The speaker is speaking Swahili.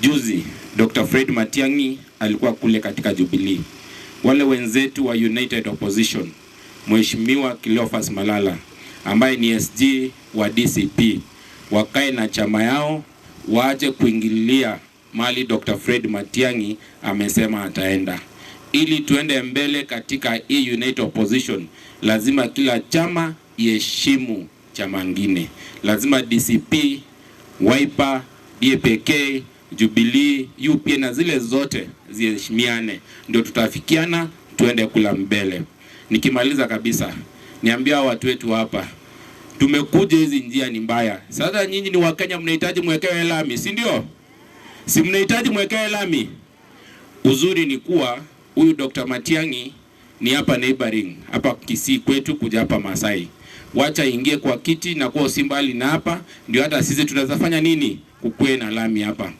Juzi Dr. Fred Matiang'i alikuwa kule katika Jubilee. Wale wenzetu wa United Opposition, Mheshimiwa Cleophas Malala ambaye ni SG wa DCP wakae na chama yao, waache kuingilia mali Dr. Fred Matiang'i amesema ataenda. Ili tuende mbele katika hii United Opposition, lazima kila chama iheshimu chama ngine, lazima DCP, Wiper, DPK Jubilee, UPA na zile zote ziheshimiane, ndio tutafikiana, tuende kula mbele. Nikimaliza kabisa, niambia watu wetu hapa, tumekuja hizi njia ni mbaya. Sasa nyinyi ni Wakenya, mnahitaji mwekewe lami, si ndio? Si mnahitaji mwekewe lami? Uzuri ni kuwa huyu Dr. Matiang'i ni hapa neighboring hapa Kisii kwetu kuja hapa Masai. Wacha ingie kwa kiti na kwa usimbali na hapa ndio hata sisi tunaweza fanya nini, kukuwe na lami hapa.